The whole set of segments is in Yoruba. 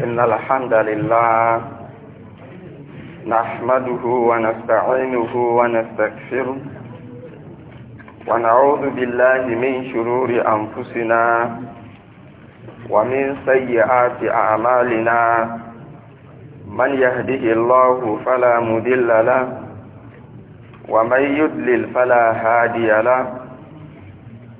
إن الحمد لله نحمده ونستعينه ونستكفره ونعوذ بالله من شرور أنفسنا ومن سيئات أعمالنا من يهده الله فلا مذل له ومن يدلل فلا هادي له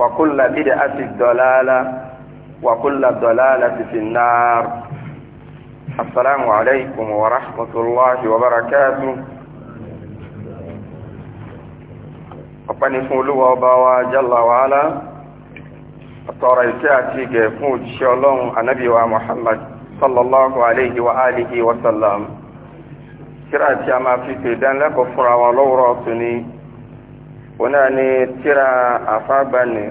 وكل بدعة ضلالة وكل ضلالة في النار السلام عليكم ورحمة الله وبركاته أبني فولو وباوا جل وعلا أطار الكاتي جيفوت شلون النبي محمد صلى الله عليه وآله وسلم كراتي ما في في لك فرا ولورا ona náà ni tíra àfáàgbani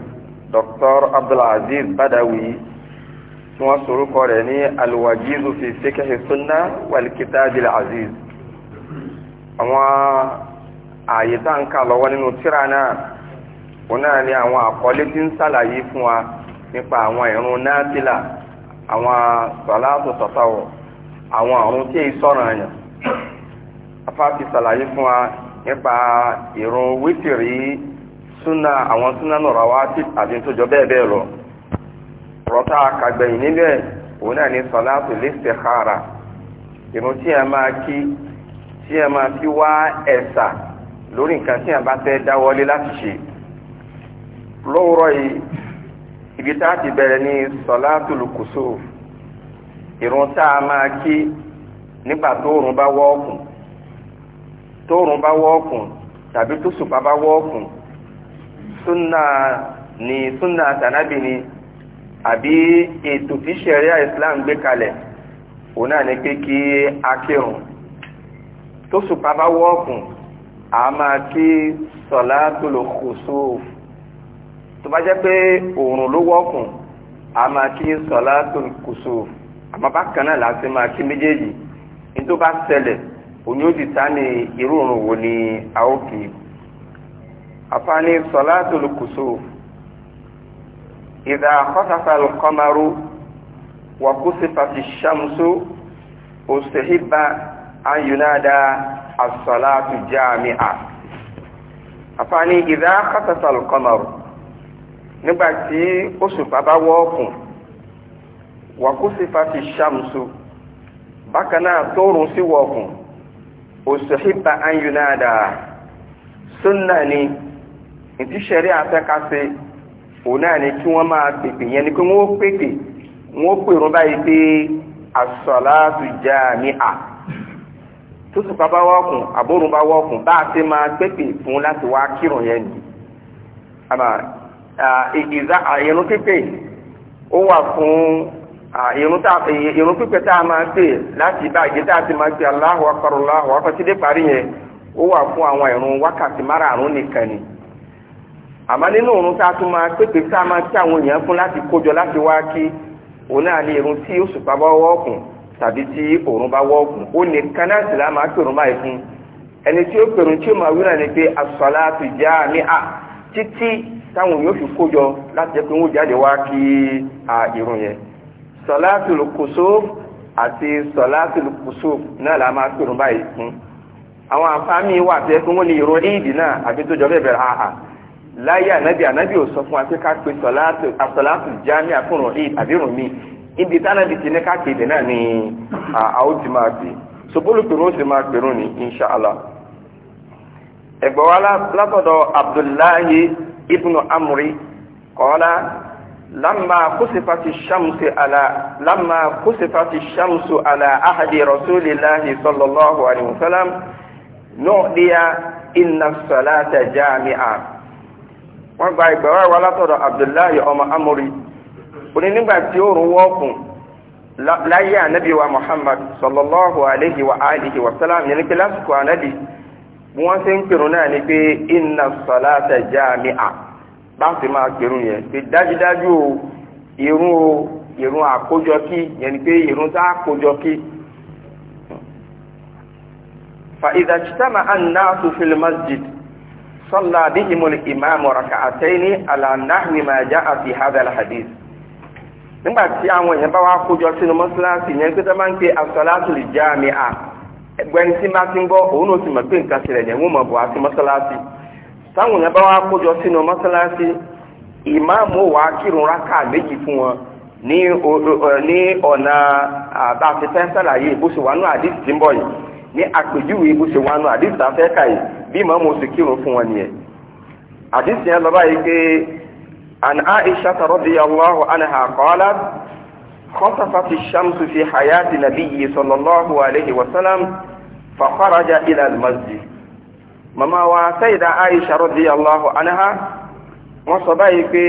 dr abdulaziz badawi tí wọ́n sorúkọ rẹ̀ ní alwajizu fi fíkẹ́hì súnná wàlìkítà bílẹ̀ àwọn ààyè tá ń kà lọ́wọ́ nínú tíra náà òun ni àwọn àkọlé tí ń sàlàyé fún wa nípa àwọn ìrun náàtìlà àwọn sọ̀láàtò tọ̀tàwọ̀ àwọn àrùn tí sọ̀rọ̀ àyàn sàlàyé fún wa nípa ìrun wítìrí súnà àwọn súnà nọ̀rọ̀ wá àti tó jọ bẹ́ẹ̀ bẹ́ẹ̀ lọ rọ́tà kàgbẹ̀yìn níbẹ̀ òun náà ní sọ̀láàtù lẹ́sẹ̀kára ìrun tí a máa kí tí a máa fi wá ẹ̀sà lórí nǹkan tí a bá fẹ́ dáwọ́lé láti ṣe lówùrọ̀ yìí ibi tá a ti bẹ̀rẹ̀ ní sọ̀láàtù lùkùsù ìrun tá a máa kí nígbà tó òrùn bá wọ́ ọ̀kùn tóòrùn bá wọ́ọ̀kùn tàbí tóṣùpá bá wọ́ọ̀kùn súnà ní súnà tànábì ni àbí ètò tí ṣẹ̀ríà Islam gbé kalẹ̀ òun náà ni pé kí a kírun tóṣùpá bá wọ́ọ̀kùn a máa kí salatul khusuf tó bá jẹ́ pé òòrùn ló wọ́ọ̀kùn a máa kí salatul kusuf àmọ́ bákan náà láti máa kí méjèèjì ní tó bá ṣẹlẹ̀ òní tani ti ta ni irú òrùn wo ni a ó kì í àfààní salatul kusuf idha khasafa al shamsu ustihiba an yunada jami'a àfààní idha khasafa al-qamaru nígbà tí òṣùpá bá wọ́ọ̀kùn wa kusifati shamsu bakana náà si sí wọ́ọ̀kùn òṣèhìbà anyunada sunna ni ntí sẹ̀rí àtẹ́kasẹ̀ òun ni kí wọ́n máa pèpè yẹn ni pé wọ́n pèpè wọ́n pèrò báyìí pé as-salatu jami'a tó sì bá wọ́ọ̀kùn àbórun bá wọ́ọ̀kùn bá a ti máa pèpè fún láti wá kírun yẹn ni àmà ìgbìzá àyẹnú pípè ó wà fún irun tá irun pípẹ́ tá a máa pè láti báyìí tá a ti máa pè Allahu Akbar Allahu Akbar títí parí yẹn ó wà fún àwọn ìrun wákàtí márààrún nìkan ni àmọ́ nínú òrun tá a tún máa pépè tá a máa tí àwọn èèyàn fún láti kójọ láti wá kí òun náà ní irun tí òṣùpá bá wọ́ọ̀kùn tàbí tí òrun bá wọ́ọ̀kùn ó nìkan náà láà máa pèrún báyìí fún ẹni tí ó pèrún tí ó máa wí ni pé as-salatu jami'a títí táwọn èèyàn fi kójọ láti sọ̀látùlù kùsùf àti sọ̀látùlù kùsùf náà la máa pèrún báyìí fún àwọn àfáàmì wà tẹ́ fún wọn ní ìró éèdì náà àbí tó jọ bẹ́ẹ̀ bẹ̀rẹ̀ àhà láyé ànábì ànábì ò sọ fún wa pé ká pe sọ̀látùlù jámì àfúnrún éèdì àbí rùn mí ibi tánàbì ti ní káàkiri náà ni àwọn ti máa pè sobolu pèrún ó sì máa pèrún ní inṣàlá ẹgbẹ́ wa látọ̀dọ̀ Abdullahi ibnu Amri kọ́lá لما كسفت الشمس على لما كسفت الشمس على عهد رسول الله صلى الله عليه وسلم نودي إن الصلاة جامعة wọ́n gba ìgbẹ̀wá wa látọ̀dọ̀ abdullahi ọmọ amúrí òní nígbà tí ó rún wọ́ọ̀kùn láyé ànábì wa muhammad sallallahu alayhi wa alihi wa salam ní pé lásìkò ànábì wọ́n ṣe ń pèrò náà ní pé inna salata jami'a báńkì máa kírun yẹn pé dájúdájú o irun o irun àkójọ kí yẹn ni pé irun tá àkójọ kí. fa idha ijtama'a an-nasu fil masjid salla bihim al-imam rak'atayn ala nahwi ma ja'a fi hadha al-hadith. nígbà tí àwọn èèyàn bá wá kójọ sínú mọ́ṣáláṣí yẹn pé tó ń pe as-salatu al-jami'a ẹgbẹ́ni tí máa ti ń gbọ́ òun ò sì mọ̀ pé nǹkan ṣẹlẹ̀ yẹn wọ́n mọ̀ bọ̀ á sí táwọn èèyàn bá wá kójọ sínú mọ́sálásí ìmáàmù wá kírun rákà méjì fún wọn ní ọ̀nà àbáfẹ́fẹ́ sàlàyé bó ṣe wà nù àdìsí tí ń bọ̀ yìí ní àpèjúwe bó ṣe wà nù àdìsí tá a fẹ́ kà yìí bí ìmáàmù ṣe kírun fún wọn nìyẹn àdìsí yẹn lọ báyìí pé an Aisha radiyallahu anha qalat خطفت الشمس في حياة نبي صلى الله عليه وسلم فخرج إلى المسجد màmá wa sayida aisha radiyallahu anha wọ́n sọ báyìí pé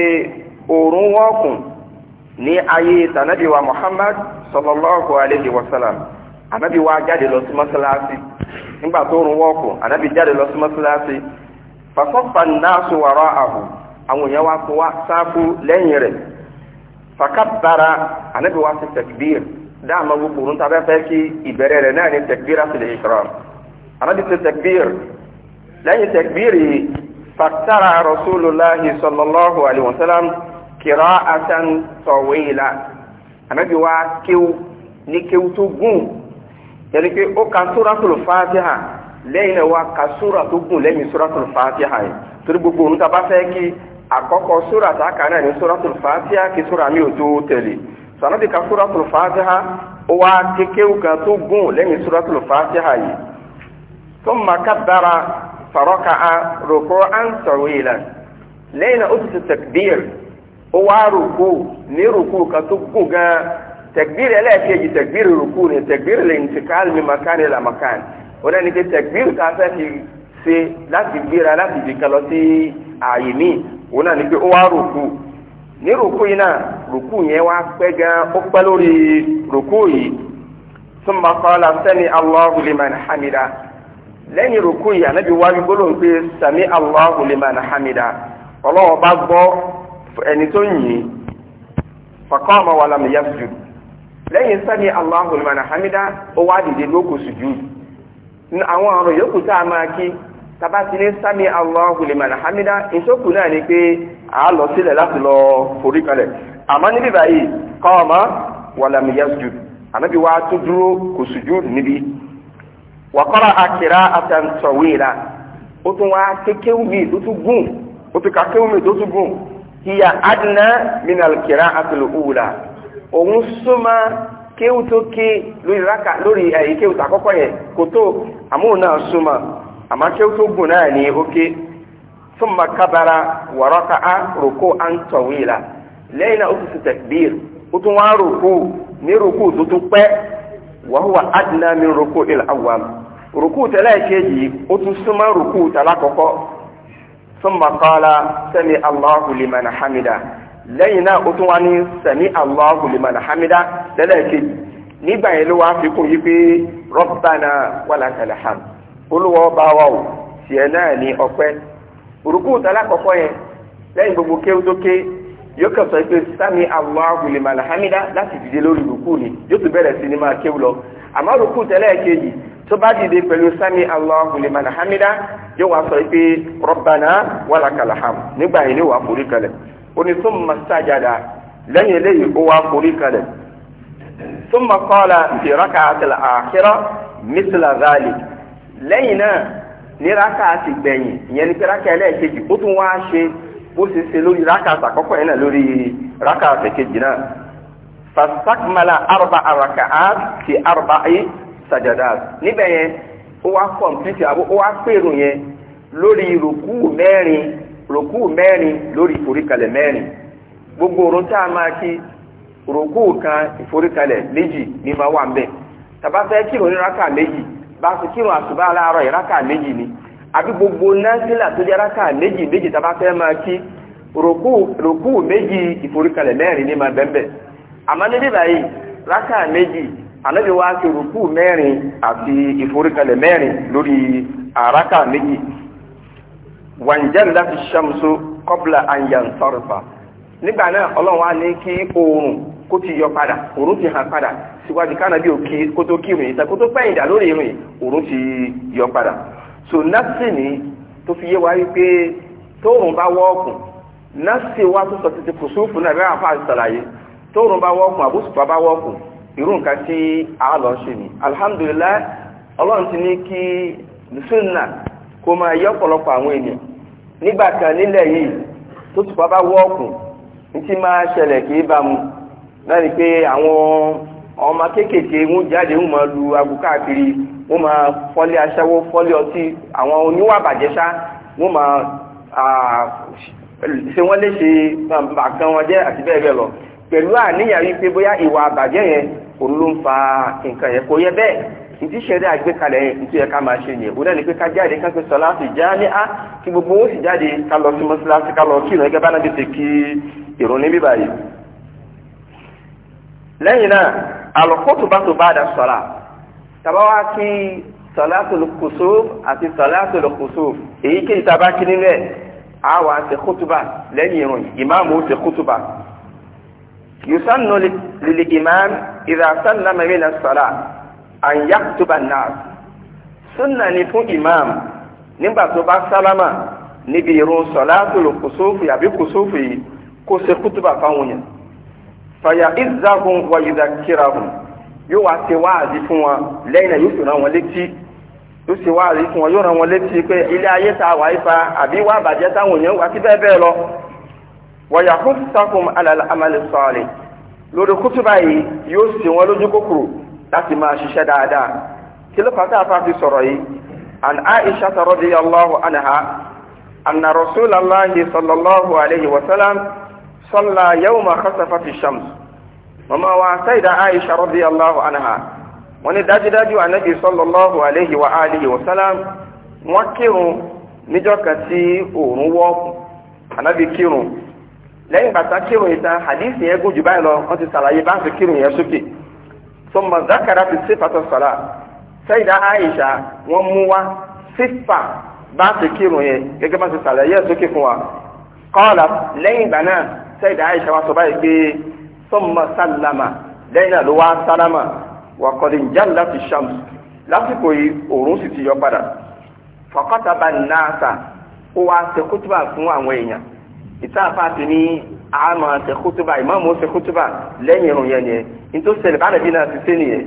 òòrùn wọ́ọ̀kùn ní ayé tànàbí wa muhammad sallallahu alayhi wa sallam anabi wa jáde lọ sí mọ́sálásí nígbà tó òòrùn wọ́ọ̀kùn anabi jáde lọ sí mọ́sálásí fasọ́fà náàsù wara'ahu àwọn èèyàn wa kó wa sáfù lẹ́yìn rẹ̀ fakabbara anabi wa ti takbir dáàmà gbogbo òun tàbí afẹ́ kí ìbẹ̀rẹ̀ rẹ̀ náà ní takbiratul ihram anabi takbir. lẹ́yìn tẹ̀gbìrì fàtàrà rasulullahi sallallahu alayhi wa sallam kìrọ́ asan tọ̀wéyìlá wa ní kéwú tó gùn yẹni pé ó ka suratul fatiha lẹ́yìn wa ka sura tó gùn lẹ́yìn suratul yẹn torí gbogbo òun tá a fẹ́ kí àkọ́kọ́ sura tá a kà náà ní suratul kí mi ò tó tẹ̀lé ka ó wá kan tó gùn lẹ́yìn فركع ركوعا طويلا لين أسس التكبير هو ركوع ni ruku kan tó gùn gan tẹgbìrì ẹlẹ́ẹ̀kejì tẹgbìrì ruku ni tẹgbìrì lè ntikal mi makani la makani wọn ẹni pé tẹgbìrì kan fẹ́ ti ṣe láti gbéra láti di kan lọ sí ààyè míì wọn náà ni pé ó wá ruku ní ruku yìí náà ruku yẹn wá pẹ́ gan ó pẹ́ lórí ruku yìí summa qala sami Allahu liman hamida. lẹ́yìn rúkú yìí ànábi wáyé gbólóhùn pé sami allahu liman hamida ọlọ́wọ́ bá gbọ́ ẹni tó yìn faqama wa lam yasjud lẹ́yìn sami allahu liman hamida ó wá dìde lóko sujud àwọn ọ̀rọ̀ yòókù tá a máa kí tabati ní sami allahu liman hamida ìṣókù náà ni pé a lọ sílẹ̀ láti lọ forí kalẹ̀ àmọ́ níbí báyìí qama wa lam yasjud ànábi wá tó dúró kò sujud níbi. wàkọ́rọ̀ àkìrá àtàntọ̀wéra ó tún wá kékéwù mi tó tún gùn ó tún ká kéwù mi tó tún gùn hiya adna minal kìrá àtàlùkùwùlà òun súnmọ́ kéwù tó ké lórí rákà lórí ẹ̀yìn eh, kéwù tó àkọ́kọ́ yẹn kò tó àmóhùn náà súnmọ́ àmọ́ kéwù tó gùn náà ní ó ké thumma kabara wa raka'a ruku'an tawila lẹ́yìn náà ó tún ti takbir ó tún wá rùkú ní rùkú tó tún pẹ́ wa huwa adna min ruku'il awwal. rùkú tẹ́lẹ̀ kejì ó tún súnmọ́ rùkú tẹ́lẹ̀ kọ́kọ́ sami Allahu hamida lẹ́yìn náà ó sami Allahu hamida tẹ́lẹ̀ nígbà yẹn ló wá fi kún yí pé rabbana walakal hamd olúwọ́ bá wà ó tiẹ̀ náà ní ọpẹ́ rùkú tẹ́lẹ̀ gbogbo yóò sami hamida láti dìde lórí ni yóò tún tó bá dìde pẹ̀lú sami Allahu liman hamida yóò wá sọ pé rabbana walakal hamd nígbà yìí ni wàá forí kalẹ̀ oní summa sajada lẹ́yìn eléyìí ó wàá forí kalẹ̀ summa qala fi rak'atil akhirah mithla dhalik lẹ́yìn náà ní raka ti gbẹ̀yìn ìyẹn ní pé ẹlẹ́ẹ̀kejì ó tún wáá ṣe bó ṣe ṣe lórí raka àkọ́kọ́ yẹn náà lórí raka àtẹ̀kejì náà fastakmala arba raka'at fi arba'i sajadat níbẹ̀ yẹn ó wá kọ̀mpútì àbó ó wá pèrò yẹn lórí lori mẹ́rin rùkú gbogbo orun tá a máa kí kan ìforíkalẹ̀ méjì ní ma wà ń tàbá fẹ́ kírun ní méjì bá fi kírun méjì ni àbí gbogbo násílà tó jẹ́ raka méjì méjì tàbá fẹ́ máa kí rùkú méjì ìforíkalẹ̀ mẹ́rin ní ma bẹ́ẹ̀ bẹ́ẹ̀ àmọ́ níbí báyìí méjì anabi wa ṣe rukú mẹ́rin àti ìforíkalẹ̀ mẹ́rin lórí àràkà méjì wàǹjẹ́ láti ṣàmùsọ kọ́bùlà àyàn sọ̀rọ̀fà nígbà náà ọlọ́run á ní kí oòrùn kó ti yọ padà oòrùn ti hàn padà síwájú kánábí òkè kó tó kírun yìí kó tó pẹ́yìn dà lórí irun yìí oòrùn ti yọ padà so násì ni tó fi yé wa wípé tóòrùn bá wọ́ọ̀kùn násì wa tó sọ títí kùsùfù náà bẹ́ẹ̀ àfa àṣàlàyé tóòrùn bá wọ́ọ̀kùn àbúṣùpá bá wọ́ọ̀kùn irú nǹkan tí a lọ ṣe ni alhamdulillah ọlọ́run ti ní kí sunna kó máa yẹ ọ̀pọ̀lọpọ̀ àwọn ènìyàn nígbà kan nílẹ̀ yìí tó bá ní máa ṣẹlẹ̀ mu láti pé àwọn ọmọ kéékèèké wọn jáde lu káàkiri wọn máa fọ́lé aṣẹ́wó fọ́lé ọtí àwọn oníwà wọn máa ṣe wọ́n léṣe wọn jẹ́ àti bẹ́ẹ̀ pẹ̀lú àníyàn wípé bóyá ìwà àbàjẹ́ yẹn òun ló ń fa nǹkan yẹn kò yẹ bẹ́ẹ̀ ìdí ìṣẹ̀lẹ̀ àgbékalẹ̀ ìtú ẹ̀ka máa ṣe yẹn òun náà ni pé ká jáde ká pe sọlá sí já ní á kí gbogbo ó sì jáde ká lọ sí mọ́ṣáláṣí ká lọ kí ìrìn gẹ́gẹ́ bá náà tètè kí ìrun ní bíbá yìí. lẹ́yìn náà àlọ́kótó bá tó bá يسن للإمام إذا سلم من الصلاة أن يخطب الناس sunna ni fún imam nígbà tó bá sálámà níbi irun sọláàtò kùsùfù àbí kùsùfù yìí kó ṣe kútùbà fáwọn yẹn fàyà ìzàhùn wà ìzàkírahùn yóò wá ṣe wáàzí fún wọn lẹ́yìn náà yóò fi ràn wọn létí yóò ṣe wáàzí fún wọn yóò ràn wọn létí pé ilé ayé tá a wà ipa àbí wà bàjẹ́ táwọn yẹn wà sí bẹ́ẹ̀ bẹ́ẹ̀ lọ wọ̀yà húsàkùn alàlà amálẹ̀ sọ́ọ̀lẹ̀ lórí kútùbà yìí yóò sì wọn lójú kòkòrò láti máa ṣiṣẹ́ dáadáa kí ló fàtà àfáàfi sọ̀rọ̀ yìí an aisha radiyallahu anha anna rasulallahi sallallahu alayhi wa sallam salla yawma khasafati shams mama wa sayda aisha radiyallahu anha wọ́n ní dájúdájú anabi sallallahu alayhi wa alihi wa sallam wọ́n kírun níjọ́ kan tí òòrùn wọ̀ anabi kírun lẹ́yìn bàtà kírun yìí tán hadith yẹn gùn jù báyìí lọ wọ́n ti sàlàyé bá ń fi kírun yẹn sókè tó mọ̀ zákàrà ti sífà tó sọ̀rọ̀ Sayyida Aisha wọ́n mú wá sífà bá ń fi kírun yẹn gẹ́gẹ́ bá ń ti sàlàyé yẹn sókè fún wa kọ́ọ̀lá lẹ́yìn ìgbà náà Sayyida Aisha wa sọ báyìí pé tó mọ̀ sálàmà lẹ́yìn náà ló wá sálàmà wà kọ́ni jáde láti lásìkò yìí ti ìtàfà ti ní àmọ́ ṣe kútùbà ìmáàmù ṣe kútùbà lẹ́yìn irun yẹn yẹn nítorí ṣẹlẹ̀ bá nàbí náà ti ṣe nìyẹn.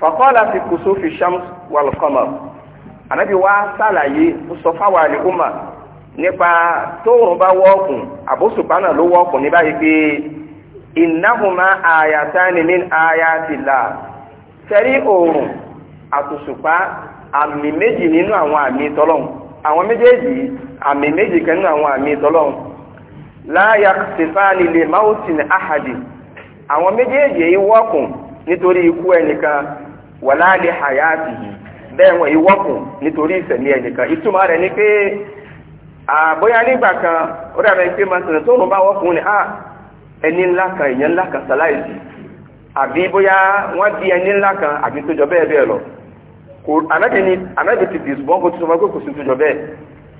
fàkọ́lá fi kùsù fi shams wal qamar ànábi wa sàlàyé sọ fáwọn àlìkùmà nípa tóòrùn bá wọ́ọ̀kùn àbóṣùpá náà ló wọ́ọ̀kùn ní báyìí pé ìnáhùnmá àyàtánì min àyàtìlá sẹ́rí òòrùn àtòṣùpá àmì méjì nínú àwọn àmì tọ́lọ́hùn àwọn méjèèjì àmì méjì kan nínú àwọn àmì ìtọ́lọ́run láyà stéphane lè ahadi àwọn méjèèjì yìí wọ́kùn nítorí ikú ẹnìkan wà láàlẹ́ hayati bẹ́ẹ̀ wọ́n yìí wọ́kùn nítorí ìsẹ̀mí ẹnìkan ìtumọ̀ rẹ̀ ni pé àbóyá nígbà kan ó dàbẹ̀ pé màsìlẹ̀ tó bá wọ́kùn ni lọ ti dìsbọ́n kó tó sí tó jọ bẹ́ẹ̀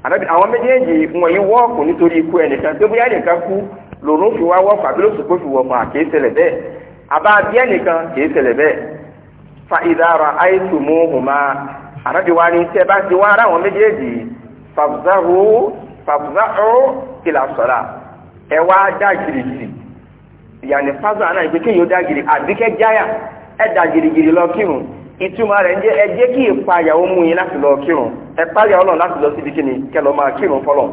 àbẹ́bí àwọn méjèèjì wọ̀nyí wọ́ọ̀kù nítorí ikú ẹnìkan tó bóyá nìkan kú lòun fi wá wọ́ọ̀kù àbí lóṣù kó fi wọ̀ọ̀kù àkèé ṣẹlẹ̀ bẹ́ẹ̀ àbá bí ẹnìkan kèé ṣẹlẹ̀ bẹ́ẹ̀ fa ìdára àìsùnmù hùmá àbẹ́bí wa ní tẹ́ bá ti wá ara àwọn méjèèjì fàbùzáhù fàbùzáhù kìlà sọ̀rà ẹ wá dá gìrìgìrì ìyànnì fásitì àná ìgbé kéèyàn dá gìrì àbíkẹ́ jáyà ẹ dá gìrìgìrì lọ kírun ìtumọ̀ rẹ̀ ń jẹ́ ẹ jẹ́ kí ìpayàwó mú yín láti lọ kírun ẹ páyà ọlọ́run láti lọ síbi kíni kẹlọ máa kírun fọlọ́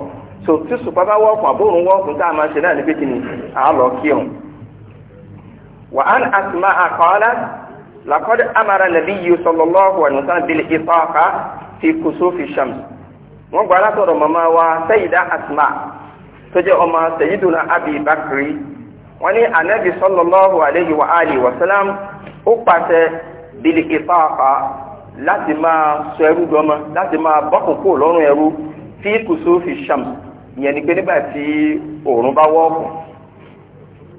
so tí sùpá bá wọ́ọ̀kùn àbóòrùn wọ́ọ̀kùn tá a máa ṣe náà níbi kíni à á lọ kírun. wà á ní àtúmọ̀ àkọọ́lá làkọ́dé amara nàbí yìí sallallahu alaihi fi kusufi shams. wọ́n gbọ́ alátọ̀rọ̀ màmá wa sayyida Asma tó jẹ́ ọmọ sayyiduna Abi Bakri wọ́n ní anabi sallallahu alaihi wa alihi wasallam ó pàṣẹ bílí ìfáàfà láti máa sọ ẹrú dọ́mọ láti máa bọ́kùn kó lọ́rùn ẹrú fi kùsù fi shams ìyẹn ni pé nígbà tí òòrùn bá wọ́ọ̀kùn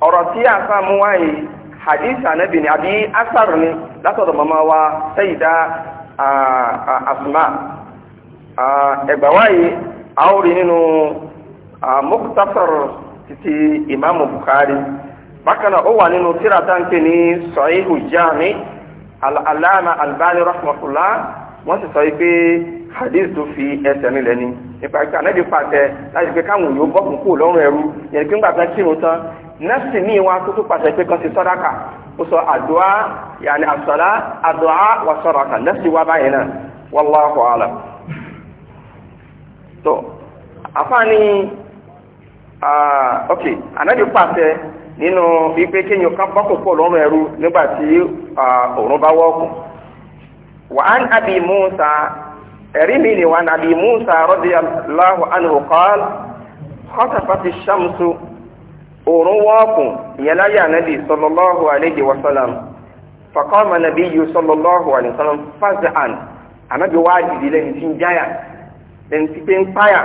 ọ̀rọ̀ tí a fà mú wáyé hadith anabi ni àbí asar ni látọ̀dọ̀ màmá wa sayyida asma ẹgbà wáyé àórí nínú mukhtasar títí ìmáàmù bukhari bákan náà ó wà nínú tíra ní sahihu jami' alama albani rahmatullah wọ́n sì sọ pé hadith tó fi ẹsẹ̀ nílẹ̀ ni nípa ìgbà anábì pàṣẹ láti pé káwọn òyìnbó bọ́kùn kúrò lọ́rùn ẹrú yẹn pé ńgbà kan kírun tán nọ́ọ̀sì ní ìwà tó tó pàṣẹ pé kan ti sàdákà ó sọ àdúrà yàní àsọ̀lá àdúrà wà sàdákà nọ́ọ̀sì wà báyìí náà wallahu a'lam. tó àfáàní ah, ok anábì pàṣẹ nínú wípé kéèyàn ká bọ́kù pọ̀ lọ́rùn ẹrú nígbà tí òórùn bá wọ́ọ̀kù. wà á ń àbí Musa ẹ̀rí mi ni wà á ń àbí Musa radiyallahu anhu qala khatafati shamsu òórùn ìyẹn láyé ànábì sallallahu alayhi wa sallam faqama nabiyyu sallallahu alayhi wa sallam faz'an ànábì wá dìde lẹ́ni tí ń jáyà lẹ́ni tí ń páyà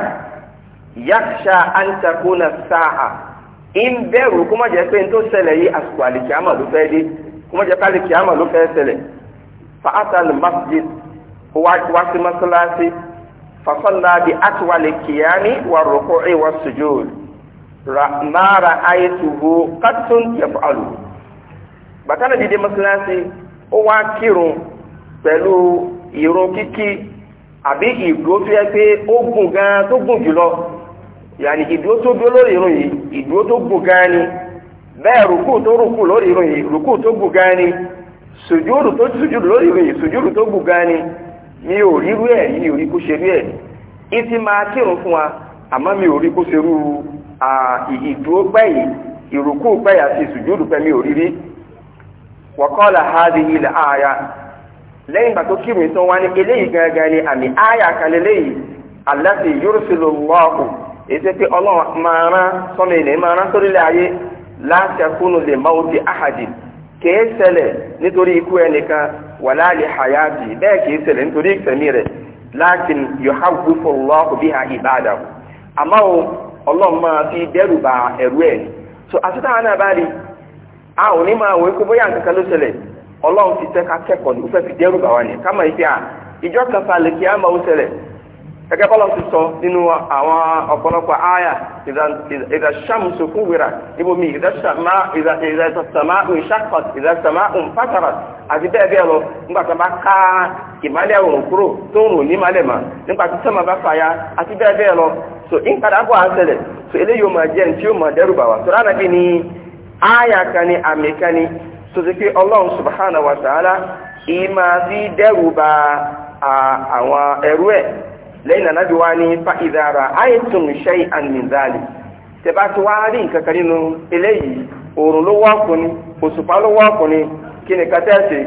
ń bẹ̀rù kó má jẹ́ pé tó ṣẹlẹ̀ yìí àsìkò àlìkíámà ló fẹ́ dé kó má jẹ́ ló fẹ́ fa asal masjid wá sí masalasi kiyami wa ruku'i wa sujud ma ra'aytuhu qattun yaf'alu bàtà náà dídé masalasi ó wá kírun pẹ̀lú ìrun kíkí àbí ìgbó tó yẹ ó gùn gan tó gùn yàní ìdúró tó dúró lórí irun yìí ìdúró tó gbò gan ni bẹ́ẹ̀ rùkú tó rùkú lórí irun yìí rùkú tó gbò gan ni sùjúrù tó sùjúrù lórí irun yìí sùjúrù tó gbò gan ni mi ò rí rú ẹ̀ mi ò rí kó ṣe rú ẹ̀ ìtì máa kírun fún wa àmọ́ mi ò rí kó ṣe rú ìdúró gbẹ̀yì ìrùkú gbẹ̀yì àti sùjúrù pẹ̀ mi ò rí rí wọ́kọ́lá hadhihi al-aya lẹ́yìn ìgbà tó kírun ìtàn wa ní eléyìí gangan ni àmì áyà kan lélẹ́yìí ètò pé ọlọ́run máa rán sọ́mi ènìyàn máa rán sórílẹ̀ ayé láti ẹkúnnu lè máa ti àhàdì kìí ṣẹlẹ̀ nítorí ikú ẹnìkan wà láàyè hayati bẹ́ẹ̀ kìí ṣẹlẹ̀ nítorí ìsẹ̀mí rẹ̀ láti yọ̀háwù fọlọ́ọ̀kù bí ha ìbáàdà àmọ́ o ọlọ́run máa fi dẹ́rù ba ẹ̀rú ẹ̀ so àtúntà náà a ò ní máa wọ ikú bóyá nǹkan ló ọlọ́run ti ní ó fẹ́ fi dẹ́rù gẹ́gẹ́ bọ́lá ti sọ nínú àwọn ọ̀pọ̀lọpọ̀ àyà ìdàṣàmùsù fún wìrà ibomi ìdàṣàmá ìṣàkọt ìdàṣàmá ìfàtàrà um, àti bẹ́ẹ̀ bẹ́ẹ̀ lọ nígbàtà bá ká ìmálẹ̀ òun kúrò tó ń rò ní ìmálẹ̀ mà sọ́mà bá fàyà àti bẹ́ẹ̀ bẹ́ẹ̀ lọ so so eléyìí ó máa jẹ́ ó máa dẹ́rù bà wá so bí ni lẹ́yìn ànábì wa ní fa'idha ra'aytum shay'an min dhalik tẹ́bá ti wá rí nǹkan kan nínú eléyìí ló wá ní òṣùpá ló wá ní kí ni ká tẹ́sí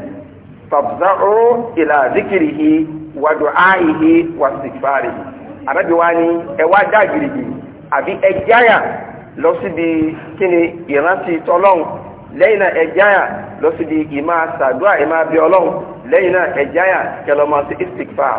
fabza'u ila dhikrihi wa du'a'ihi wa istighfarihi ànábì wa ní àbí lọ síbi kí ni ìrántí tọ́lọ́hùn lẹ́yìn náà lọ síbi ìmáa ṣàdúrà ìmáa bí ọlọ́run lẹ́yìn náà ẹ̀jáyà sí istikfar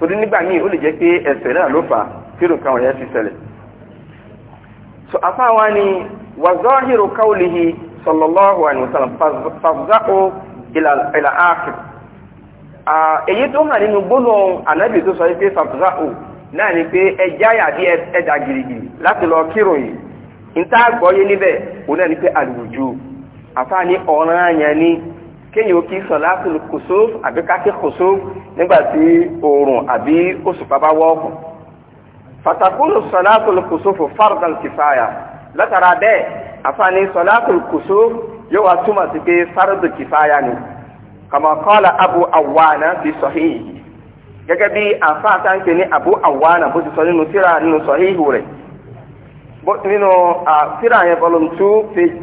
torí nígbà míì ó lè jẹ́ pé ẹ̀ṣẹ̀ náà ló fà á kírun kan wọ̀nyẹn ti ṣẹlẹ̀ so afáwa ni wàzọ́hìrò káwòlìhì sallallahu alaihi wasallam fàzákò ìlà áàkì èyí tó hàn nínú gbónà ànábì tó sọ pé fàzákò náà ni pé ẹjáyà bí ẹ̀dà gìrìgìrì láti lọ kírun yìí níta gbọ́yé níbẹ̀ òun náà ni pé àlùjù afáà ni ọ̀ràn àyàn ni kéèyàn ó kí sọ̀látùl kùsúf àbí kákí kùsúf nígbà tí oòrùn àbí òṣùpá bá wọ́ọ̀kùn fàtàkùnù sọ̀látùl kùsúf fardan kìfàyà látara bẹ́ẹ̀ àfààní sọ̀látùl kùsúf yóò wá túmọ̀ sí pé fardu kìfàyà ni kama qala abu awana fi sahihi gẹ́gẹ́ bí àfáà táǹkì ní abu awana bó ti sọ nínú síra nínú sahihi rẹ̀ nínú síra yẹn volume two page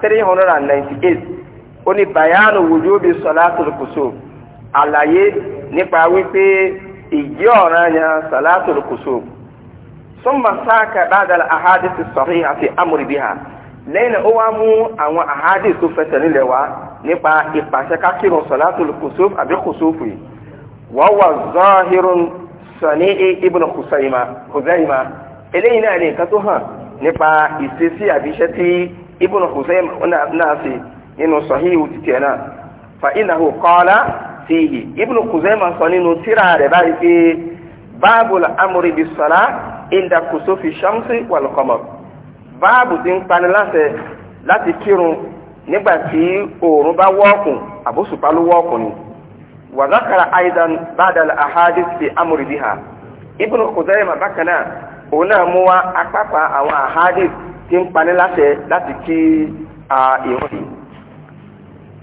three hundred and ninety eight ó ní bayanu wujubi salatul kusuf àlàyé nípa wípé ìjí ọ̀ràn yẹn salatul kusuf summa sáàkà ba'dal ahadith as-sahihah fi amri biha lẹ́yìn ó wá mú àwọn ahadith tó fẹsẹ̀ nílẹ̀ wá nípa ìpàṣẹ kákìrún salatul kusuf àbí kusufu yìí wọ́n wà zahirun sani ibn Khuzaima Khuzaima eléyìí náà ní nǹkan tó hàn nípa ìṣesí àbíṣẹ́ tí ibn Khuzaima náà ṣe nínú sahihu títẹ̀ náà fa innahu qala fihi ibnu kuzema sọ nínú tíra rẹ̀ báyìí pé babul amri bis salat inda kusufi shamsi wal qamar báàbù ti ń pani láṣẹ láti kírun nígbà tí oòrùn bá wọ́ọ̀kùn abosupalu ló wọ́ọ̀kùn ni wàzákàrà aidan ba'dal ahadith fi amri biha ibnu kuzema bákan náà òun náà mú wa apápá àwọn ahadith tí ń pani láṣẹ láti kí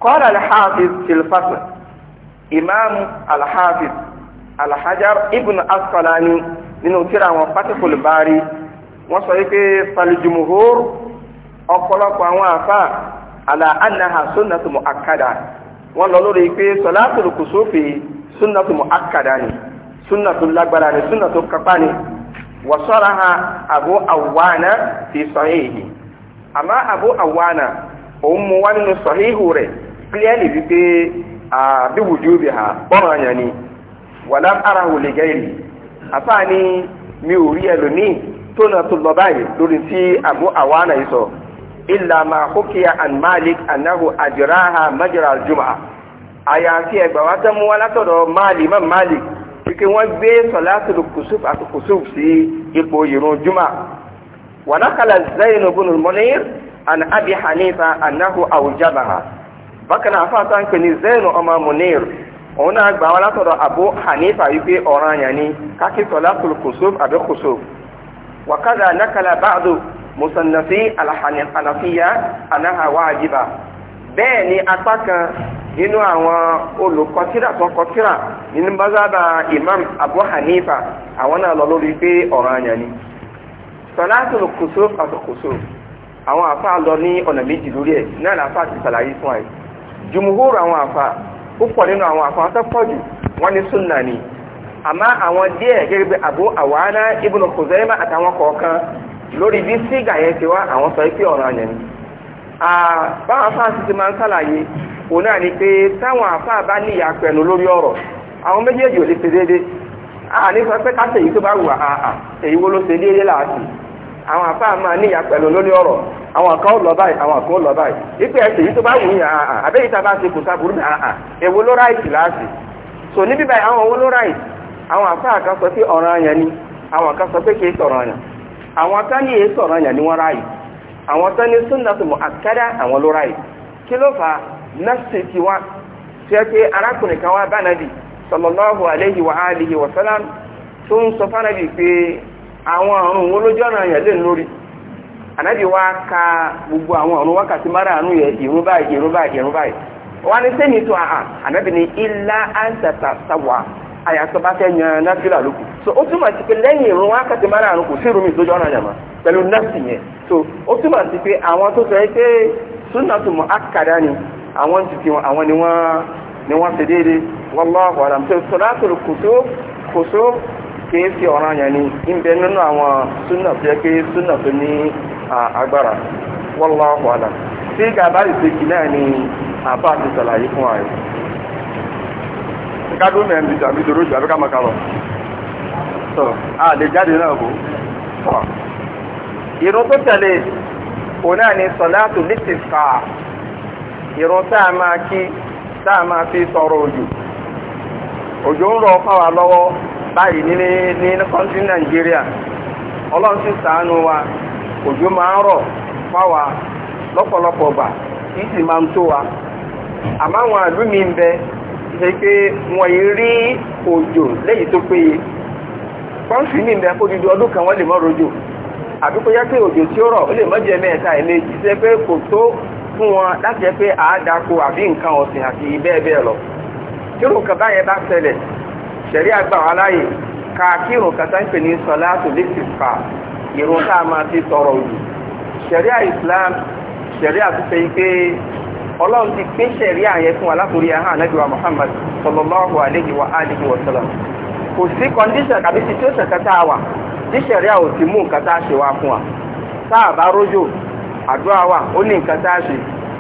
قال الحافظ hafiz fil fasl imam al-hafiz al-hajar ibn asqalani nínú tírà àwọn fatihul bari wọ́n sọ wípé falijumuhur ọ̀pọ̀lọpọ̀ àwọn àfa àlà anaha sunnatu mu'akkada wọ́n lọ lórí pé salatul kusufi sunnatu mu'akkada ni sunnatu lágbára ni sunnatu kápá ni wa saraha abu awana fi sahihi àmọ́ abu awana òun mú wá nínú sahihu rẹ̀ clearly wípé àbíwùjú bì hà bọ́rọ̀ àyàn ni wàlá ara wò lè gẹ́rì àfáà ni mi ò rí ẹlòmíì tó náà tó lọ báyìí lórí tí àbú àwa náà yìí sọ ìlà máa hókìá àn Malik annahu àjọráha májọra àjùmọ̀ àyàfi ẹgbà wa tẹ́ mú wa látọ̀dọ̀ máàlì má máàlì pípé wọ́n gbé sọ̀látùlù kùsùf àti kùsùf sí ipò ìrun jùmọ̀ wàlákàlà Zainab bin Munir an Abi Hanifa annahu àwùjábàá bákan náà àfa àtàn pè ní Zainu ọmọ Munir òun náà gbà wọn látọ̀dọ̀ Abu Hanifa wípé ọ̀ràn yẹn ni kákí salatul kusuf àbí kusuf wàkàdà nàkàlà báàdù musannafi alhanafiya anaha wajiba bẹ́ẹ̀ ni apá kan nínú àwọn olùkọtíra tó kọtíra nínú bázábà imam Abu Hanifa àwọn náà lọ lórí pé ọ̀ràn yẹn ni salatul kusuf àti kusuf àwọn àfa lọ ní ọ̀nà méjì lórí ẹ̀ náà làfa ti sàlàyé fún àyè jùmùhúrù àwọn àfa púpọ̀ nínú àwọn àfa tó pọ̀ jù wọ́n ní súnà ni àmọ́ àwọn díẹ̀ gẹ́gẹ́ bí Abu Awana Ibn Khuzaima àtàwọn kọ̀ọ̀kan lórí bí sígà yẹn ti wá àwọn sọ pé ọ̀ràn yẹn ni báwọn afá ti ti máa ń sàlàyé òun náà ni pé táwọn afá bá ní ìyá pẹ̀lú lórí ọ̀rọ̀ àwọn méjèèjì ò lè ṣe déédéé àní sọ àwọn afa ma níyà pẹ̀lú lórí ọ̀rọ̀ àwọn kan lọ báyìí àwọn kan lọ báyìí ipe ẹsẹ̀ yìí tó bá wù yàn àhà àbẹ́yìí tá a bá ṣe kò sábúrú ní àhà èwo ló so níbí báyìí àwọn owó ló ráìtì àwọn àfa kan sọ pé ni àwọn kan sọ pé kì í sọ̀ranyàn àwọn kan ní ni wọ́n ráìtì àwọn tán ní sunnatu mu'akkada àwọn ló ráìtì kí ló nọ́ọ̀sì àwọn ọ̀run wọn lójú ọ̀nà yẹn lè lórí ànábì wa ka gbogbo àwọn ọ̀run wákàtí márààrún yẹn ìrun báyìí ìrun báyìí ìrun báyìí wọn ni sẹ́ni tó àhàn ànábì ni ilá àǹtàtà sáwà àyàtọ̀ bá fẹ́ yan náfìlà lókù so ó túmọ̀ sí pé lẹ́yìn ìrun wákàtí márààrún kò sí ìrun mi lójú ọ̀nà yẹn mọ́ pẹ̀lú náfì yẹn so ó túmọ̀ sí pé àwọn tó sọ pé sunnatu muakkada ni àwọn ti fi àwọn ni wọ́n ni wọ́n ti déédéé wallahu alam kìí ọ̀ràn yẹn ni ń nínú àwọn súnà tó yẹ kí súnà tó ní agbára wallahu alam tí gàdá ìṣèjì náà ni àbá àti ṣàlàyé fún ààrẹ gádó mẹ́rin ti tàbí dòrò ìjàbí maka lọ so a jáde náà bò wà ìrún tó tẹ̀lé òun náà ni sọ̀láàtù lítìfà ìrún tá a máa kí tá a máa fi sọ̀rọ̀ òjò òjò ń fáwa lọ́wọ́ báyìí ní ní kọ́ńtì nàìjíríà ọlọ́run sì ṣàánú wa òjò máa ń rọ̀ isi lọ́pọ̀lọpọ̀ gbà kì wa àmọ́ àwọn àlú mi ń bẹ ṣe pé wọ́n yìí rí òjò léyìí tó péye kọ́ńtì mi ń kó dídú ọdún kan wọ́n lè mọ́ rojò àbí kó yá pé òjò tí ó rọ̀ ó lè mọ́ jẹ mẹ́ta ṣe pé kò tó fún wọn láti pé àádáko àbí nǹkan ọ̀sìn àti ṣẹ̀rí àgbà wọn láàyè káàkiri kàtà ń pè ní sọlá tó lè ti fà ìrun tá a máa fi tọrọ òjò ṣẹ̀rí Islam ṣẹ̀rí àtúnṣe yìí pé ọlọ́run ti pín ṣẹ̀rí àyẹ fún aláforí ahán anábìwá Muhammad sallallahu alaihi wa alihi wa sallam kò sí condition tàbí situation kata wà tí ṣẹ̀rí àwọn ti mú nǹkan tá a ṣe wá fún wa tá a bá rójò àdúrà wà ó ní nǹkan tá a ṣe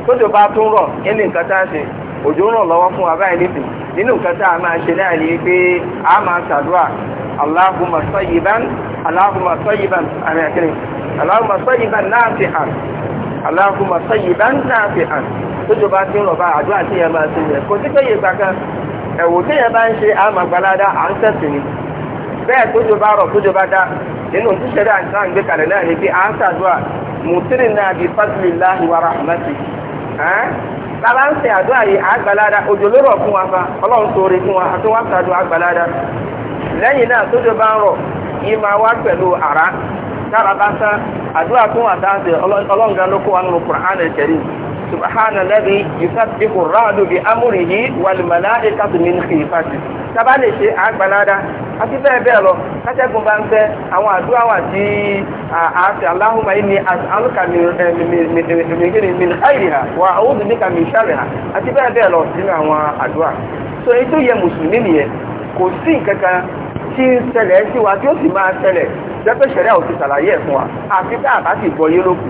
tójò bá tún rọ̀ ó ní nǹkan tá a ṣe òjò ràn lọ́wọ́ fún wa báyìí nìsín nínú nǹkan tá a máa ṣe náà ni pé a máa ṣàdúrà Allahumma sayyiban Allahumma sayyiban àmì àkìrì Allahumma sayyiban nafi'an Allahumma sayyiban nafi'an tójú bá ti ń rọ̀bá àdúrà tí yẹn máa ṣe yẹn kò sí pé yẹn gbà kan ẹ̀wò tí yẹn bá ń ṣe àmàgbálada à ń tẹ̀sí ni bẹ́ẹ̀ tójú bá rọ̀ tójú bá dá nínú tíṣẹ́ dá nǹkan àgbé kalẹ̀ náà ni pé à ń ṣàdúrà mùtírì náà bíi fásitì láhi wa rahmati bàbá ń ṣe àdúrà yìí àgbàláda òjò ló rọ̀ fún wa fa ọlọ́run sóore fún wa àti wọn ṣàdùn àgbàláda lẹ́yìn náà tójò bá ń rọ̀ yìí máa wá pẹ̀lú àrá tára bá tán àdúrà fún wa dáhùn sí ọlọ́run gan ló kó wa nínú Kùránì Kẹ́rímù subhana lẹ́bi yusufu ràdù bí amúrì yìí wàlùmọ̀lá ìkàtù ní ìfàtì sábà lè ṣe àgbàládá àti bẹ́ẹ̀ bẹ́ẹ̀ lọ kátẹ́gùn bá ń fẹ́ àwọn àdúrà wà tí àti aláhùnmá yìí ni alùkà mìíràn àìríhà wà owó dùnmí kà mìíràn ṣàrìhà àti bẹ́ẹ̀ bẹ́ẹ̀ lọ sínú àwọn àdúrà so èyí tó yẹ mùsùlùmí nìyẹn kò sí nǹkan kan tí ń ṣẹlẹ̀ sí wa tí ó sì máa ṣẹlẹ̀ jẹ́ pé ṣẹlẹ̀ ò ti ṣàlàyé ẹ̀ fún wa àfi tá àbá sì gbọ́ yé lókun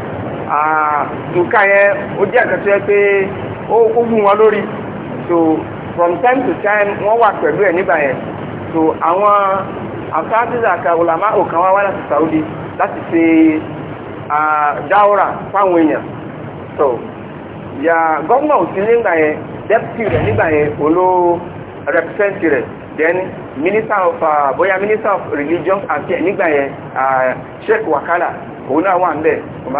Ah, nǹkan yẹn ó jẹ́ àkàtú o pé ó gún wọn lórí so from time to time wọ́n wà pẹ̀lú ẹ̀ nígbà yẹn so àwọn àfáàtìsà kan ọ̀làmá òkan wá wá láti Saudi láti ṣe dáwọ́rà fáwọn èèyàn so ya gọ́ọ̀mọ̀ ò sí nígbà yẹn deputy rẹ̀ nígbà yẹn oló represent rẹ̀ then minister of uh, boya minister of religion and care nígbà yẹn sheikh wakala òun náà wà ń bẹ̀ ọmọ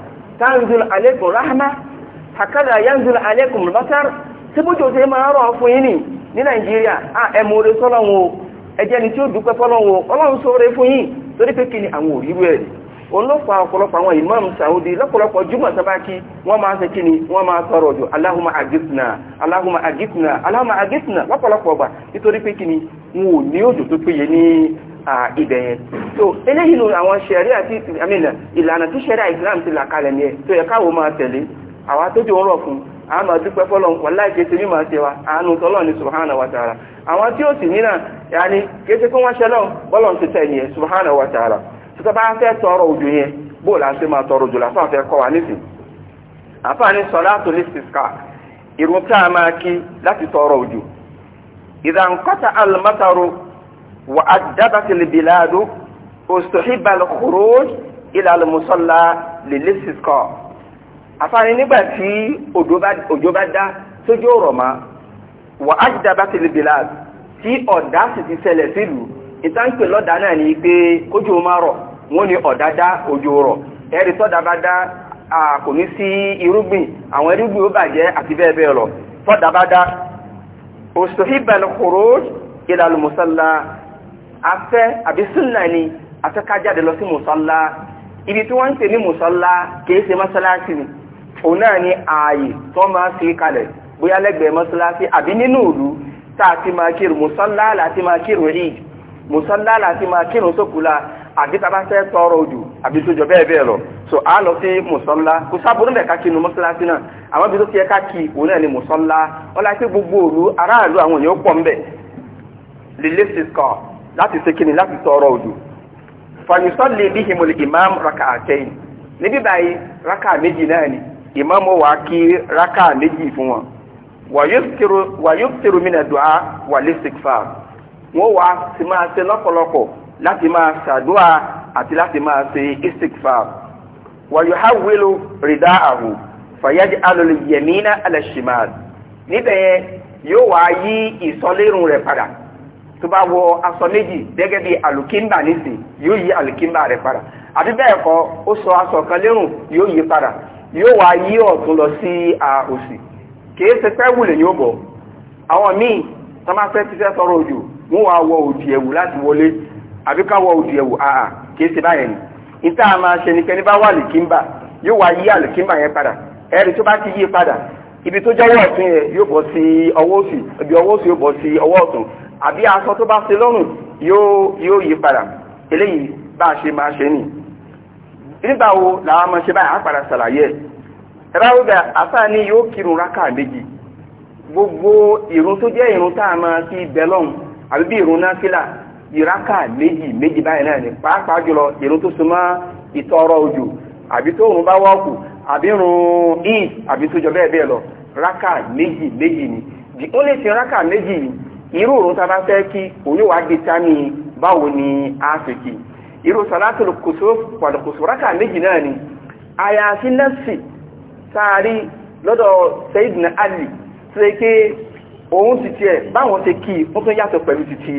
tanzul alaykum rahma hakada yanzul alaykum al-basar tí bójú ṣe máa rọ̀ fún yín ní nàìjíríà sọ́lọ́wọ́ ẹjẹ́ ni tí ó dúpẹ́ fọ́lọ́wọ́ ọlọ́run sọ́rẹ́ fún yín torí pé kí ni àwọn òrírú ẹ̀rí olófa ọ̀pọ̀lọpọ̀ àwọn imam saudi lọ́pọ̀lọpọ̀ jùmọ̀ sábàkí wọ́n máa ṣe kí ni wọ́n máa tọrọ jù aláhùmá àgìtìnà aláhùmá àgìtìnà lọ́pọ̀lọpọ̀ ọgbà nítorí pé ibẹ̀ yẹn so eléyìí nu àwọn sẹ̀rí àti ìlànà tí sẹ̀rí Islam ti là kalẹ̀ ni ẹ̀ tó yẹ káwọ́ máa tẹ̀lé àwa tó ti rọ̀ fún a máa dúpẹ́ fọ́lọ́n wàláì kéte mímọ̀ ṣe wa àánú tọ́lọ́ ni subhanahu wa ta'ala àwọn tí ó sì nínà ni kéte kó wọ́n ṣẹlọ́ bọ́lọ́n ti tẹ̀ yẹn subhanahu wa ta'ala tuta bá fẹ́ tọrọ òjò yẹn bó la ṣe máa tọrọ òjò la fún àfẹ́ wa nísìn àfààní salatu listisqa ìrùn tá a máa kí láti tọrọ òjò ìdànkọ́ta al وأدبت البلاد استحب الخروج إلى المصلى للاستسقاء àfààní nígbà tí òjò bá dá sójú ọ̀rọ̀ ma wà á jìdàbá ti lè bèèrè tí ọ̀dá sì ti ṣẹlẹ̀ sílùú ìtànkè lọ́dá náà ni pé kójú máa rọ̀ wọ́n ní ọ̀dá dá òjò rọ̀ ẹ̀rí tọ́dá bá dá kò ní sí irúgbìn àwọn irúgbìn ó bàjẹ́ àti bẹ́ẹ̀ bẹ́ẹ̀ lọ tọ́dá bá dá òṣèlú ìbẹ̀lẹ̀ kòrò ìlàlùmọ̀sánlá afẹ́ àbí súnà ni afẹ́ ká jáde lọ sí mùsọ́lá ibi tí wọ́n ń pè ní mùsọ́lá kìí ṣe mọ́sálásí ni òun náà ni ààyè tó máa fi kalẹ̀ bóyá lẹ́gbẹ̀ẹ́ mọ́sálásí àbí nínú ìlú tá a ti máa kírun mùsọ́lá láti máa kírun rí mùsọ́lá láti máa kírun sókùlà àbí tá fẹ́ tọrọ òjò àbí sójọ bẹ́ẹ̀ bẹ́ẹ̀ lọ so a lọ sí mùsọ́lá kò sábòrò lẹ̀ ká kí inú mọ́sálásí náà àwọn ibi tó fi ẹ̀ka kí òun náà ni mùsọ́lá ọlá sí gbogbo òru aráàlú àwọn èèyàn pọ̀ ń bẹ̀ lè lè kọ́ láti ṣe kíni láti tọrọ òjò fàyùsọ́lẹ̀ bí himul imam raka àtẹ́yìn níbí báyìí raka méjì náà ni imam wà kí raka méjì fún wọn wà yóò tẹ̀rù mìíràn dùn á wà lè sèkfà wọn wà sí máa ṣe lọ́pọ̀lọpọ̀ láti máa ṣàdúrà àti láti máa ṣe istikfà wà yóò háwìlú rìdá àhù fàyájì alòlù yẹmínà alẹ́ṣìmáà níbẹ̀ yẹn yóò wá yí ìsọlérùn rẹ̀ padà tó bá wọ aṣọ méjì gẹ́gẹ́ bí alùkímbà nísìn yóò yí alùkímbà rẹ̀ padà àti bẹ́ẹ̀ kọ́ ó sọ aṣọ kan lérùn yóò yí padà yóò wá yí ọ̀tún lọ sí òsì kìí ṣe fẹ́ wùlẹ̀ yóò bọ̀ àwọn míì tó máa fẹ́ fífẹ́ sọ̀rọ̀ òjò wọ́n wá wọ òdì ẹ̀wù láti wọlé àbí ká wọ òdì ẹ̀wù àà kìí ṣe báyẹn ni ìta àmà ṣẹnikẹ́ni bá wà alùkímbà yóò wá yí alùkímbà yẹn padà ẹ̀rì tó bá ti yí padà ibi tó jẹ́wọ́ ọ̀tún yẹn yóò bọ̀ sí ọwọ́ òsì ibi ọwọ́ òsì yóò bọ̀ sí ọwọ́ ọ̀tún àbí aṣọ tó bá ṣe lọ́rùn yóò yí padà eléyìí bá a ṣe máa ṣe nì nígbà wo làwọn ọmọ ṣe báyìí á padà ṣàlàyé ẹ bá wọ́n gbà àfáà ní yóò kírun rákà méjì gbogbo ìrun tó jẹ́ ìrun tá a máa fi bẹ lọ́hùn àbí bí ìrun náà fílà ìrákà méjì méjì báyìí náà ni pàápàá jùlọ ìrun tó so mọ́ ìtọrọ òjò àbí tó òrùn bá wọ́ọ̀kù àbí ìrun eid àbí tó jọ bẹ́ẹ̀ bẹ́ẹ̀ lọ rákà méjì méjì ni di ó lè fi rákà méjì yìí irú òun tá a bá fẹ́ kí òun yóò wá di tani báwo ni a ṣe kí irú sọ̀látò kòsòrò pàdé rákà méjì náà ni àyàfi nẹ́ẹ̀sì sáárí lọ́dọ̀ Sayyidina Ali ṣe ké òun ti tiẹ̀ báwọn ṣe kí wọ́n tún yàtọ̀ pẹ̀lú ti ti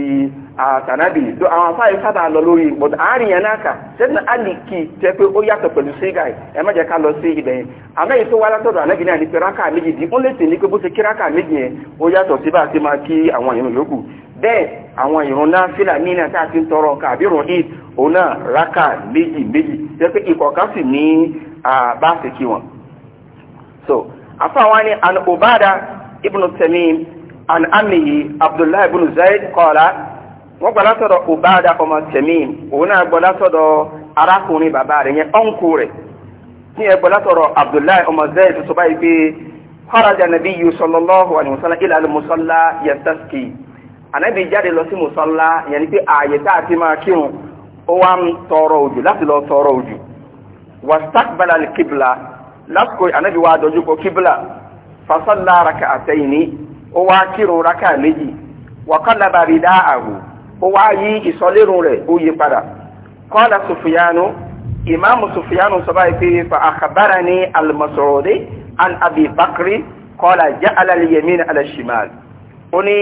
àtànábì tó àwọn afáyé sábà lọ lórí bọ̀dọ̀ àárín yẹn náà kà sẹ́dínà àlìkì tẹ́ pé ó yàtọ̀ pẹ̀lú sígà ẹ má jẹ́ ká lọ sí ibẹ̀ yẹn àmọ́ èyí tó wá látọ̀dọ̀ ànábì náà ní pé rákà méjì dín ó lè sì ní pé bó ṣe kí rákà méjì yẹn ó yàtọ̀ sí ti máa kí àwọn ìrun yòókù bẹ́ẹ̀ àwọn ìrun náà fìlà mínà tá a ti ń tọrọ nǹkan àbí ìrun ni wọ́n gbà látọ̀dọ̀ Ubada ọmọ Tamim òun náà gbọ́ látọ̀dọ̀ arákùnrin bàbá rẹ̀ yẹn ọ̀nkù rẹ̀ ní ẹgbọ́ látọ̀dọ̀ Abdullahi ọmọ Zayd tó báyìí pé kharaja nabiyyu sallallahu alaihi wasallam ila ànábì jáde lọ sí musalla yẹn pé ààyè tá a ti máa kírun ó wá ń tọrọ òjò láti lọ tọrọ òjò wastaqbala al-qibla lásìkò ànábì wá dojú kọ kíbla fasalla raka'atayni ó wá kírun raka méjì wa qallaba rida'ahu ó wá yí ìsọlérun rẹ̀ ó yí padà kọ́lá sùfìyànù ìmáàmù sùfìyànù sọ báyìí fa àkàbára ní almasọ̀rọ̀dé an abi bakri kọ́lá jẹ́ alàlìyẹ̀mí ní alàṣìmáàl ó ní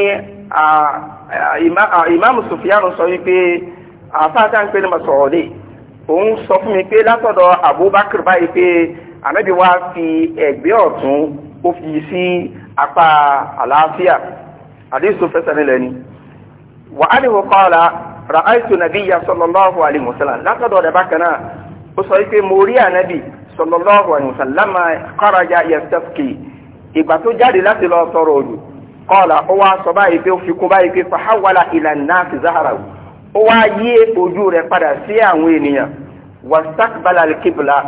ìmáàmù sùfìyànù sọ wípé àfáàtà ń pè ní masọ̀rọ̀dé òun sọ fún mi pé látọ̀dọ̀ abubakar báyìí pé ànábì wá fi ẹ̀gbẹ́ ọ̀tún ó fi sí apá àlàáfíà àdéhùn fẹsẹ̀ nílẹ̀ ni. وعنه قال رأيت نبي صلى الله عليه وسلم لقد ربكنا أصيب موريا نبي صلى الله عليه وسلم لما خرج يستسقي ìgbà tó jáde láti lọ sọ̀rọ̀ òdù kọ́ọ̀là ó wá sọ báyìí pé fi kún báyìí pé fàháwàlà zahara wù ó wá yí ojú rẹ̀ padà sí àwọn ènìyàn wàstákbàlà kìbìlà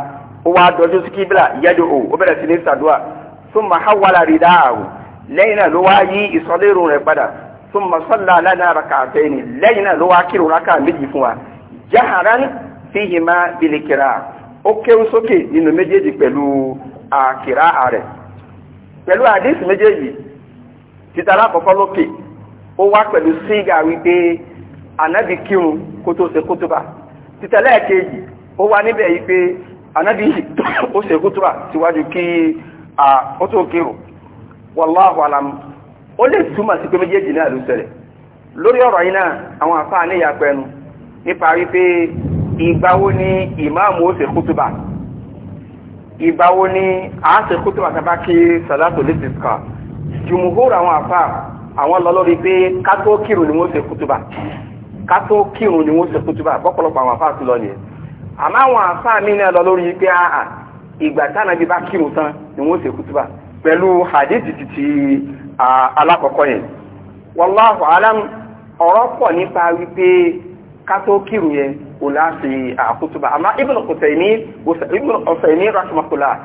ó wá dọjú sí kìbìlà yẹ́dọ̀ o ó bẹ̀rẹ̀ sí ní sàdúà fún màháwàlà rìdáàwù lẹ́yìn ثم صلى لنا ركعتين لين لواكر ركع مجي فوا جهرا فيهما بالقراءة اوكيو سوكي nínú méjèèjì pẹ̀lú akira are pẹ̀lú hadith méjèèjì titala kọ́kọ́ lókè ó wá pẹ̀lú siga wípé anabi kírun kó tó ṣe kútúbà títẹ̀lẹ̀ kejì ó wá níbẹ̀ yìí pé anabi ó ṣe kútúbà síwájú kí a otu kírun wallahu alam ó lè túmọ̀ sí pé méjèèjì náà ló ṣẹlẹ̀ lórí ọ̀rọ̀ yìí náà àwọn àfáà ní ìyapẹ́ ẹnu nípa wípé ìgbàwo ni ìmáàmù ó ṣe kútùbà ìgbàwo ni a ṣe kútùbà tàbá kí sàlátò lè ti kà jùmùhúrù àwọn àfáà àwọn lọ lórí pé kátó kírun ni wọ́n ṣe kútùbà kátó kírun ni wọ́n ṣe kútùbà bọ́pọ̀lọpọ̀ àwọn àfáà ti lọ nìyẹn àmọ́ àwọn àfáà mí náà lọ lórí pé àà ìgbà tánàbí bá kírun tán ni wọ́n ṣe kútùbà pẹ̀lú hadith títí alákọ̀ọ́kọ́ yẹn wallahu alam ọ̀rọ̀ pọ̀ nípa wípé kátó kírù yẹn kò láti àkútùbà àmá Ibn ní rahimahullah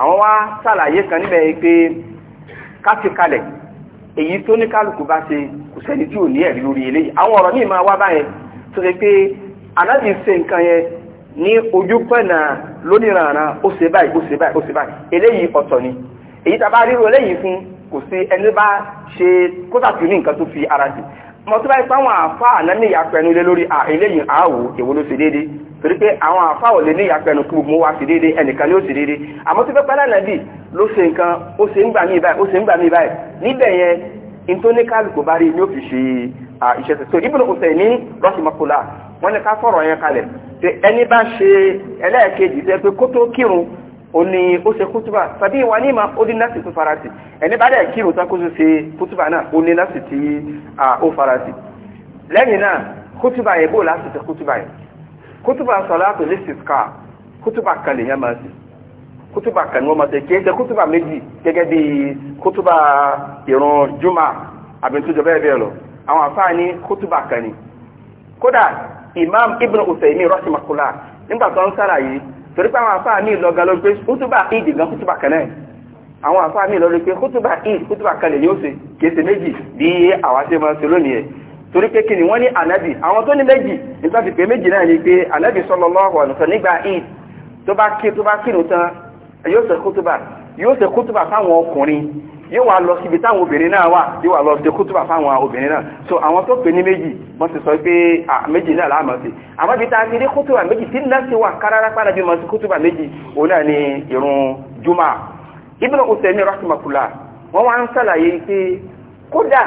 àwọn wá sàlàyé kan níbẹ̀ pé káti kalẹ̀ èyí tó ní bá ṣe kò sẹ́ni tí ò ní ẹ̀rí lórí eléyìí àwọn ọ̀rọ̀ míì máa wá báyẹn tó ṣe pé aláàbí ṣe nǹkan yẹn ní ojú pẹ̀nà lónìí ó ṣe báyìí ó ṣe báyìí ó ṣe báyìí eléyìí ọ̀tọ̀ ni èyí fún kò sí ẹni bá ṣe kótàtì ní nǹkan tó fi ara sí mọ tó bá ipá àwọn àfa àná ní ìyapẹnu lé lórí eléyìí àáwò èwo ló ṣe déédéé torí pé àwọn àfa ò lè ní ìyapẹnu kí gbogbo wa ṣe déédéé ẹnìkan ni ó ṣe déédéé àmọ́ tó fẹ́ pálá nàbì ló ṣe nǹkan ó ṣe ń gbà mí báyìí ó ṣe ń gbà mí báyìí níbẹ̀ yẹn ntóníkàlù kò bá rí ni ó fi ṣe iṣẹ́ tuntun ibùdó kò sẹ́yìn ní rọ́ṣìmọ́kùlà wọ́n ní ká fọ̀rọ̀ yẹn kalẹ̀ ẹni bá ṣe ẹlẹ́ẹ̀kejì tẹ́ pé kótó kírun oni o se kutuba wa ni ma odi nasi to farasi eni ba de kiro ta kuzu se kutuba na oni nasi ti o farasi leyin na kutuba e bo lati te kutuba e kutuba salatu ka kutuba kale ya ma si kutuba kan wo ma te ke kutuba meji gege bi kutuba iron juma abin tu jobe be lo awon fa kutuba kan koda imam ibnu usaymin rahimahullah nigba to n yi torí pé àwọn àfáà míì lọ́ga lórí pé kútùbà ìdì gan kútùbà kan náà àwọn àfáà míì lórí pé kútùbà ìdì kútùbà kan lè yóò ṣe kìí méjì bí àwa ṣe máa ṣe lónìí ẹ̀ torí pé kí ni wọ́n ní ànábì àwọn tó ní méjì nígbà pé méjì náà ni pé ànábì sallallahu alaihi wasallam nígbà ìdì tó bá kí tó bá kírun tán yóò ṣe kútùbà yóò ṣe kútùbà fáwọn yóò wá lọ síbi táwọn obìnrin náà wà yóò wá lọ sí kútùbà fáwọn obìnrin náà so àwọn tó pè ní méjì wọ́n ti sọ pé à méjì náà láàmọ́ sí àwọn ibi tá a ti rí kútùbà méjì tí náà ti wà kárára pàdé bí wọ́n ti kútùbà méjì òun náà ni ìrun juma Ibn Uthaymeen rahimahullah wọ́n wá ń sàlàyé pé kódà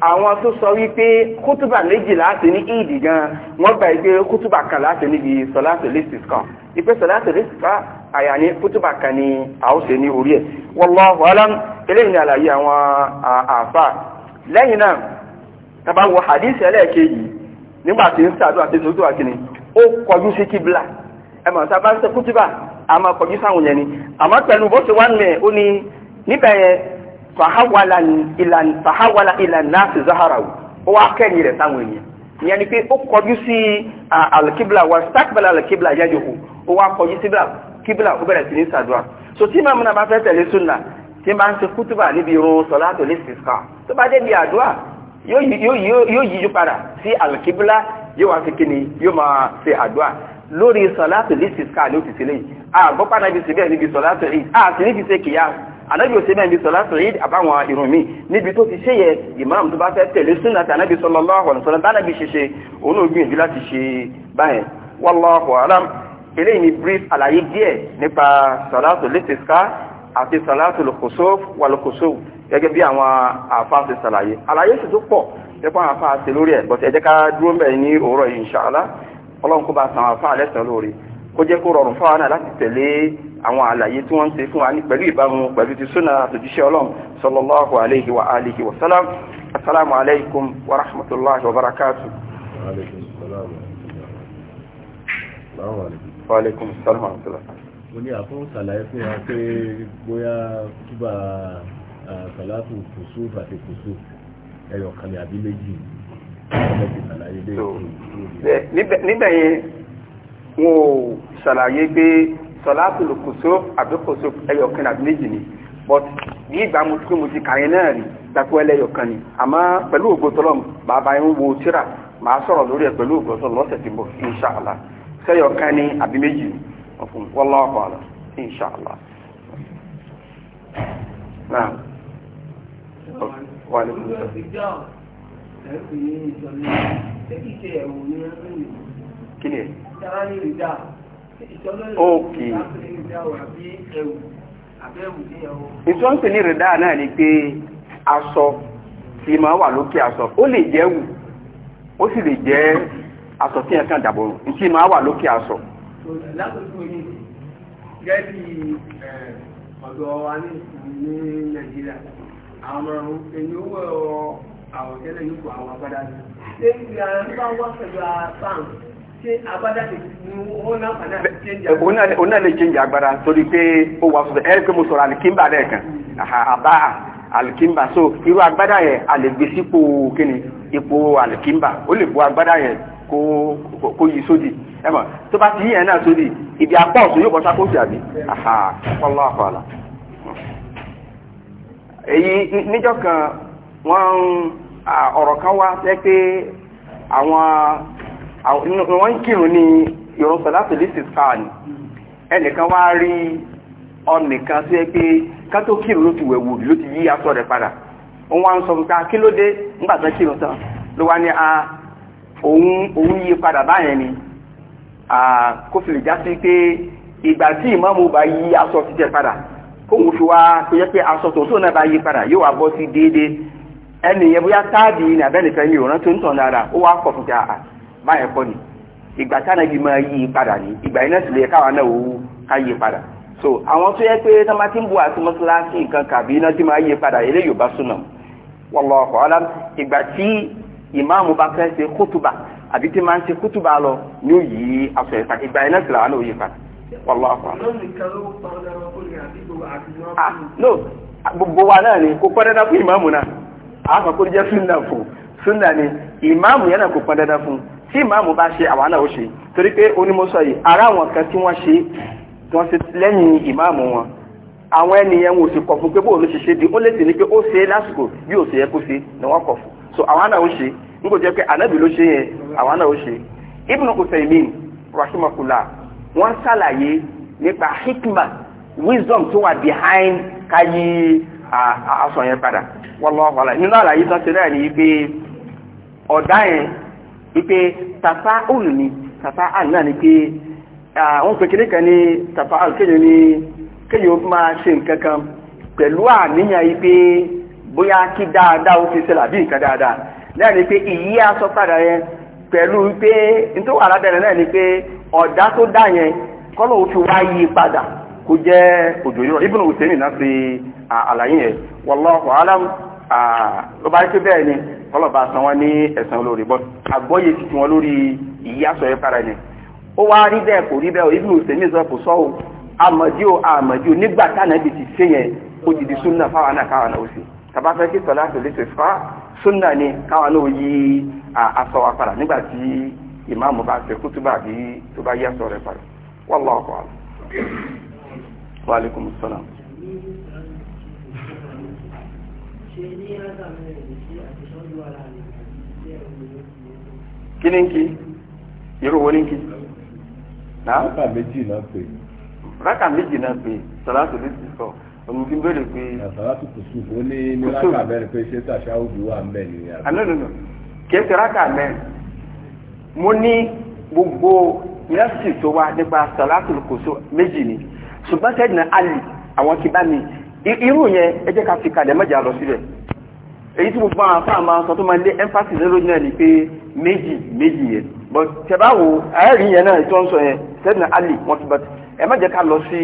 àwọn tó sọ wípé kútùbà méjì láti ní ìdì gan wọ́n gba ìgbé kútùbà kan láti níbi sọ̀láṣẹ̀ lẹ́sìs kan ìpé sọ̀láṣẹ̀ lẹ́sìs kan àyà ní kútùbà kan ní àwòṣe ní orí ẹ̀ wallahu alam eléyìí ní àlàyé àwọn àfà lẹ́yìn náà tàbá wọ hadith ẹlẹ́ẹ̀kejì nígbà tí ń sàdó àti tó wà kíni ó kọjú sí kíbla fàháwàlà ìlànà láti zaharawu ó wá kẹ́ni rẹ̀ sáwọn ènìyàn ìyẹn ni pé ó kọjú sí alkibla wa stakbala alkibla yájòkó ó wá kọjú sí kíbla ó bẹ̀rẹ̀ sí ní sàdúrà so tí màmú náà bá fẹ́ tẹ̀lé súnà tí máa ń ṣe kútùbà níbi irun sọ̀lá tó lè sìkà tó bá dé bí àdúrà yóò yíjú padà sí alkibla yóò wá fi kíni yóò máa ṣe àdúrà lórí sọ̀lá tó lè sìkà ló ti sílẹ̀ àgbọ́pàdà ibi síbẹ̀ níbi sọ̀lá tó lè àti níbi ṣe anabi ò ṣe bẹ́ẹ̀ níbi sọlá sọ yìí àbáwọn irun mi níbi tó ti ṣe yẹ ìmáàmù tó bá fẹ́ tẹ̀lé súnà tí anabi sallallahu alaihi wasallam tánàbí ṣe ṣe òun ò gbìyànjú láti ṣe báyẹn wallahu alam eléyìí ni brief àlàyé díẹ̀ nípa sọlátò lẹ́tẹ̀síká àti sọlátò lòkòsó wà lòkòsó gẹ́gẹ́ bí àwọn àfa ṣe ṣàlàyé àlàyé sì tó pọ̀ nípa àwọn àfa ṣe lórí ẹ̀ bọ̀t ẹ jẹ́ ká dúró mẹ́rin ní òwúrọ̀ yìí insha Allah ọlọ́run kó bá san àwọn àfa àlẹ́sàn lórí kó jẹ́ kó rọrùn fáwọn náà láti tẹ̀lé àwọn àlàyé tí wọ́n ń ṣe fún wa ní pẹ̀lú ìbámu pẹ̀lú ti súnà àtòjíṣẹ́ ọlọ́run sallallahu alayhi wa alihi wa salam assalamu alaykum wa rahmatullahi wa barakatuh. wa alaykum salam wa rahmatullah. mo ní àfọ́n sàlàyé fún wa pé bóyá túbà sọláàtù kòsó àbí kòsó ẹyọkan àbí méjì ni but ní ìgbà mo tí mo ti kàyẹn náà rí dàpọ̀ ẹlẹ́yọkan ni àmọ́ pẹ̀lú ògo tọ́lọ́mù bàbá yẹn ń wo tíra màá sọ̀rọ̀ lórí ẹ̀ pẹ̀lú ògo tọ́lọ́mù lọ́sẹ̀ tí mo fi inṣàlá sẹ́yọkan ni àbí méjì ni wallahu a'lam inṣàlá. náà wà ní kúrò. kí ni ẹ ok ìtọ́nsìn ní rìdá náà ni pé aṣọ tí máa wà lókè aṣọ ó lè jẹ́ wù ó sì lè jẹ́ aṣọ tí yẹn kàn dàbò rùn tí máa wà lókè aṣọ. lákòókò yìí gẹ́gẹ́ bí ọ̀dọ̀ wa ní nàìjíríà àwọn ẹni owó àwọn tẹ́lẹ̀ yóò kó àwọn agbádá ní. ṣé ìgbà ń bá wá pẹ̀lú apá òun náà lè change agbára torí pé ó wà sọ̀rọ̀ ẹ̀rí pé mo sọ̀rọ̀ alikimba lẹ́ẹ̀kan hmm. àbá alikimba so irú agbádá yẹn a lè gbé sípò kíni ipò alikimba ó lè bu agbádá yẹn kó yí sódì ẹ mọ̀ tó bá ti yí yẹn náà sódì ibi apá ọ̀tún yóò bọ́ sákòsì àbí ọlọ́ àkọọ́lá. èyí níjọ́ kan wọ́n ọ̀rọ̀ kan wá jẹ́ pé àwọn. wọ́n ń ní ìrun sọ̀láṣì lísì wari ẹnìkan wá rí ọ̀nìkan tó yẹ pé ká ló ti wẹ̀wù ló ti yí aṣọ rẹ̀ padà wọ́n wá ń sọ fún ká a yí padà báyẹn ni kó fi lè já sí pé ìgbà tí ìmáàmù bá yí aṣọ ti jẹ padà kóhun fi wá tó yẹ pé aṣọ tòótọ́ náà bá yí padà yóò wá bọ́ báyẹn kọ́ ni ìgbà tí ànábì máa yí padà ní ìgbà yẹn sì lè káwa náà wò ó ká yí padà so àwọn tó yẹ pé tí wọ́n bá ti ń bu àti mọ́sálásí nǹkan kàbí iná tí máa yí padà eléyìí ò bá súnà wallahu alam ìgbà tí ìmáàmù bá fẹ́ ṣe kútùbà àbí tí máa ń ṣe kútùbà lọ ní òyì aṣọ ẹ̀ta ìgbà yẹn náà sì làwọn náà yí padà wallahu alam. ah no gbogbo wa náà ni kò pọ́n dandan fún ìmáàmù náà àkọ́kọ́ tí ìmáàmù bá ṣe àwa náà ó ṣe torí pé onímọ̀sọ yìí ara àwọn kan tí wọ́n ṣe tí wọ́n ṣe lẹ́yìn ìmáàmù wọn àwọn ènìyàn wọn ò sì kọ̀ pé bóòlù ṣe ṣe di ó lè ní pé ó ṣe lásìkò bí ó ṣe yẹ kó ṣe ni wọ́n kọ̀ so àwa náà ó ṣe n kò jẹ́ pé ànábì ló ṣe yẹn àwa náà ó ṣe Ibn Uthaymeen rahimakullah wọ́n ṣàlàyé nípa hikma wisdom tó wà behind káyé aṣọ yẹn padà wọ́n lọ́wọ́ wọ́n láì nínú àlàyé tán ṣe náà ní wípé tàfà òlù ni tàfà àlù ni pé àwọn pèkìní kan ní máa ṣe nǹkan kan pẹ̀lú àníyàn yìí bóyá kí dáadáa ó fi nǹkan dáadáa náà ni pé ìyí aṣọ padà yẹn pẹ̀lú pé nítorí wàhálà bẹ̀rẹ̀ náà ni pé ọ̀dá tó dá yẹn kọ́lọ̀ ó fi wá yí padà kó jẹ́ òjò yìí rọ̀ Ibn Hussein náà fi àlàyé yẹn wallahu alam ló bá yẹ bẹ́ẹ̀ ni kọlọba san wọn ní ẹ̀san olórí bọ àgbọ́yé ti tiwọn lórí ìyásọ yẹn para yẹn ó wá rí bẹ́ẹ̀ kò rí bẹ́ẹ̀ ibi òsèmí sọ kò sọ o àmọ̀dí o àmọ̀dí o nígbà tánàbì ti ṣe yẹn ó ti di súnà fáwọn náà káwọn náà ó ṣe tàbá fẹ́ kí sọlá tó lè ṣe fà súnà ni káwọn náà ó yí aṣọ wa padà nígbà tí ìmáàmù bá ṣe kútúbà bí tó bá yí aṣọ rẹ̀ padà wallahu a'lam. wa alaikumus salam. ṣe ní Kini ni Iru irú wo ni kí. rákà méjì náà pè. rákà méjì náà pè sàlátù lè ti sọ òun kí n bẹ̀rẹ̀ pé. sàlátù kùsù ó ní ní ah, rákà mẹ́rin pé ṣé tàṣà òbí wà ń ni. àná nínú kí ẹ ti mo ní gbogbo yẹ́sì tó wá nípa sàlátù kùsù méjì ni ṣùgbọ́n sẹ́yìn na ali, àwọn kí bá mi irú yẹn ẹ jẹ́ ká fi kalẹ̀ mẹ́jà lọ síbẹ̀. èyí tí gbogbo àwọn ma sọ tó máa lé emphasis lórí náà ni pé méjì méjì yẹn but tẹ̀báwo ẹ̀rín yẹn náà ń sọ yẹn sẹ́dínà ali wọ́n ti bá ti ẹ má jẹ́ ká lọ sí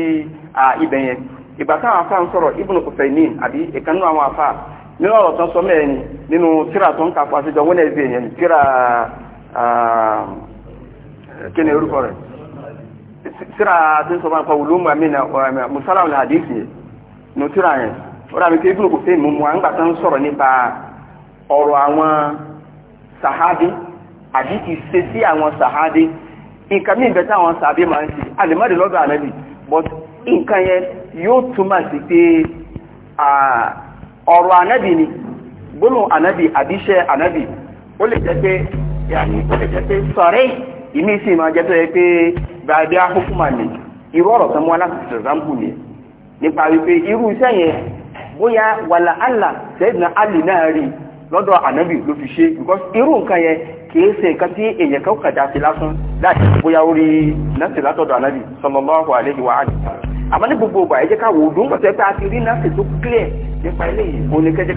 ibẹ̀ yẹn ìgbà táwọn afáà ń sọ̀rọ̀ ibùn kòfẹ̀ẹ́nì àbí ìkànnì àwọn afáà nínú ọ̀rọ̀ tó ń sọ mẹ́rin nínú tíra tó ń fún àṣejọ ẹ̀bí yẹn tíra kí ni orúkọ rẹ̀ tíra tó ń sọ fún orami ti ibulu kote mu mu angba tan soro nipa oro awon sahabi adi ti se awon sahabi nkan mi beta awon sahabi ma nti ale ma de lodo anabi but nkan ye yo tuma si pe ah oro anabi ni gbolo anabi adi se anabi o le je pe yani o le je pe sorry isi ma je to ye pe gba bi ni iru oro tan mo ala nipa wipe iru ise yen bóyá wàlà àlà sẹ́yìn àlì náà rí lọ́dọ̀ ànábì ló fi ṣe because irú nǹkan yẹn kìí ṣe nǹkan tí èèyàn kan kàdá sí lásán láti bóyá orí nọ́ọ̀sì látọ̀dọ̀ ànábì sallallahu alaihi wa alihi àmọ́ ní gbogbo ọgbà ẹ̀jẹ̀ káwọ̀ òdùn pẹ̀sẹ̀ pé a ti rí nọ́ọ̀sì tó clear nípa eléyìí o ni kẹ́jẹ́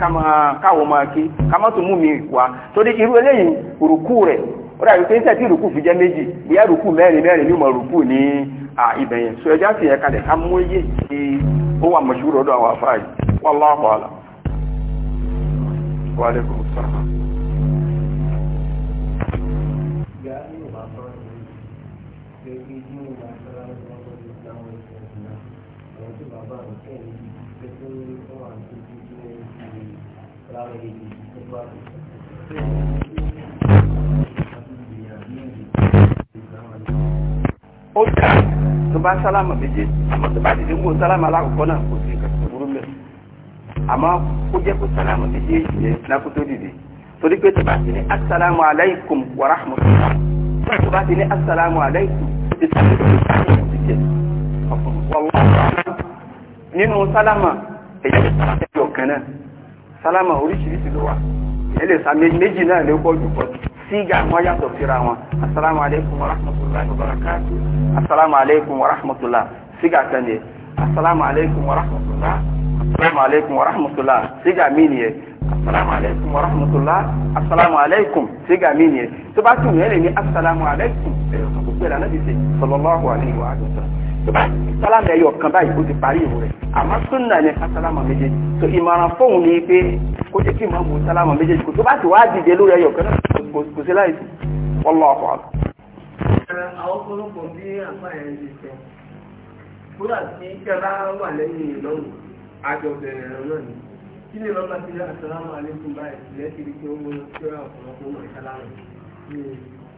káwọ̀ máa kí ká má tún mú mi wá torí irú eléyìí òrùkú rẹ̀ ó dàbí pé níṣẹ́ tí òrùkú fi jẹ́ méjì bóyá òrùkú mẹ́rin mẹ́rin ní mọ̀ òrùkú ní a ibẹ̀ yẹn so ẹja sì yẹn kalẹ̀ ká mú iye tí ó wà mọ̀ṣú rọ̀dọ̀ àwọn afọ yìí wallahu a'lam. wa alaikum bá salama méjèèjì àmọ́ tó bá dìde ń wo sálámà alákọ̀ọ́kọ́ náà kò sí nǹkan tó burú mẹ́ àmọ́ kó jẹ́ kó sálámà méjèèjì yẹn lákó tó dìde torí pé tó bá ti ní asàlámù aláìkùm wa rahmatullah tó bá ti ní asàlámù aláìkùm ti tàbí tó ti tàbí tó ti jẹ nínú sálámà èyí lè sálámà ẹyọ kan náà sálámà oríṣiríṣi ló wà èyí sa méjì náà lè pọ̀ jù pọ̀ sígà wọn yàtọ̀ síra wọn asalaamu aleykum wa rahmatulahi wa barakatu asalaamu aleykum wa rahmatulah sígà kan yẹ asalaamu aleykum wa rahmatulah asalaamu aleykum wa rahmatulah sígà mí nìyẹn asalaamu aleykum wa rahmatulah asalaamu aleykum sígà mí nìyẹn tó bá tún yẹn lè ní asalaamu aleykum ẹ̀yọ́ kan kò pé lànà bí ṣe sọlọ́lọ́hu aleyhi wa sálámù ẹyọ kan báyìí ó ti parí ìwò rẹ̀ àmọ́ súnà ní ká sálámù méjèèjì tó ìmọ̀ràn fóun ni pé kó jẹ́ kí ìmọ̀ràn fún sálámù méjèèjì kò tó bá ti wá dìde lórí ẹyọ kan náà kò sí láì sí ọlọ́ ọkọ̀ àwọn kọ́lọ́pọ̀ bí àpá ẹ̀ ń sọ kódà tí kẹlá wà lẹ́yìn ìlọ́run àjọ bẹ̀rẹ̀ náà ni kí ni lọ́ba ti rí alẹ́kùn báyìí lẹ́sìn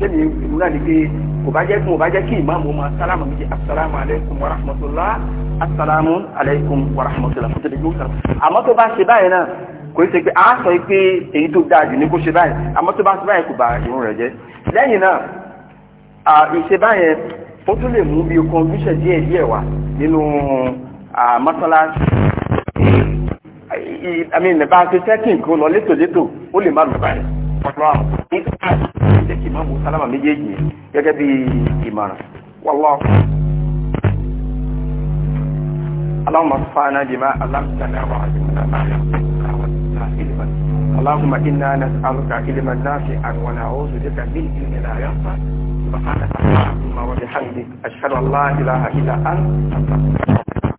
tẹ́mi ìlú náà ni pé kò bá jẹ́ kí bá jẹ́ kí ìmáàmù ma sálámù mi jẹ́ asalaamu aleykum wa rahmatulah asalaamu aleykum wa rahmatulah fún tẹ̀lé àmọ́ tó bá ṣe báyìí náà kò ṣe pé a sọ pé èyí tó dáa jù ní kó ṣe báyìí àmọ́ tó bá ṣe báyìí kò bá irun rẹ̀ jẹ́ lẹ́yìn náà ìṣe báyẹn ó tún lè mú bí kan lúṣẹ̀ díẹ̀ díẹ̀ wá nínú mọ́sálásí I mean bá a ṣe tẹ́kìn kan lọ létòlétò ó lè má lù báyìí wàlúwà nígbà tí kì máa mú sálámà méjèèjì gẹ́gẹ́ bí ìmọ̀ràn wàlúwà. اللهم اصفانا بما علمتنا وعلمنا ما ينفعنا وزدنا علما اللهم انا نسالك علما نافعا ونعوذ بك من علم لا ينفع سبحانك اللهم وبحمدك اشهد ان لا اله الا انت